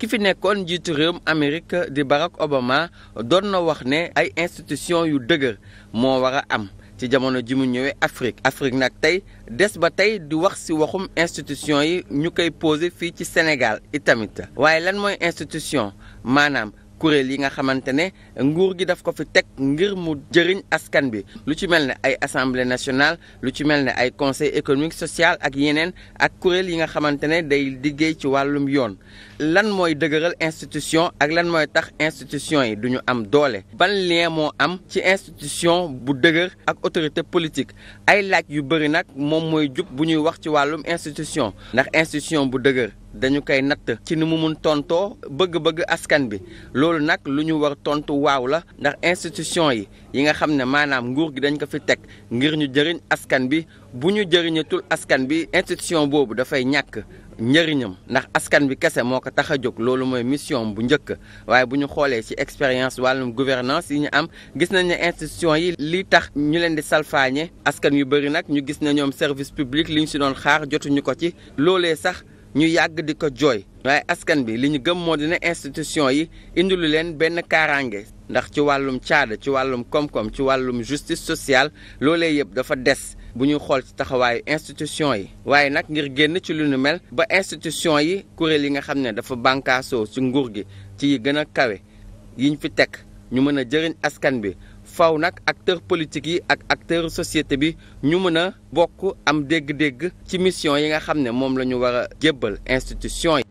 ki fi nekkoon jiitu réewum Amérique di Barack Obama doon na wax ne ay institution yu dëgër moo war a am ci jamono ji mu ñëwee Afrique Afrique nag tey des ba tey di wax ci waxum institution yi ñu koy posé fii ci Sénégal itamit waaye lan mooy institution maanaam kuréel yi nga xamante ne nguur gi daf ko fi teg ngir mu jëriñ askan bi lu ci mel ne ay assemblée nationale lu ci mel ne ay conseil économique social ak yeneen ak kuréel yi nga xamante ne day liggéey ci wàllum yoon lan mooy dëgëral institution ak lan mooy tax institution yi duñu am doole ban lien moo am ci institution bu dëgër ak autorité politique ay laaj yu bëri nag moom mooy jub bu ñuy wax ci wàllum institution ndax institution bu dëgër dañu koy natt ci ni mu mun tontoo bëgg-bëgg askan bi loolu nag lu ñu war tontu waaw la ndax institution yi yi nga xam ne maanaam nguur gi dañ ko fi teg ngir ñu jëriñ askan bi bu ñu jëriñatul askan bi institution boobu dafay ñàkk njëriñam ndax askan bi kese moo ko tax a jóg loolu mooy mission bu njëkk waaye bu ñu xoolee ci expérience wàllum gouvernance yi ñu am gis nañ ne institution yi li tax ñu leen di salfaañe askan yu bëri nag ñu gis ne ñoom service public li si doon xaar jotuñu ko ci loolee sax ñu yàgg di ko jooy waaye askan bi li ñu gëm moo dina institution yi indilu leen benn kaaraange ndax ci wàllum caada ci wàllum koom-koom ci wàllum justice sociale loole yëpp dafa des bu ñuy xool ci taxawaayu institution yi waaye nag ngir génn ci lu nu mel ba institution yi kuréel yi nga xam ne dafa bànkaasoo ci nguur gi ci yi gën a kawe yiñ fi teg ñu mën a jëriñ askan bi faw nag acteurs politiques yi ak acteurs société bi ñu mën a bokk am dégg-dégg ci mission yi nga xam ne moom la ñu war a jébbal institution yi.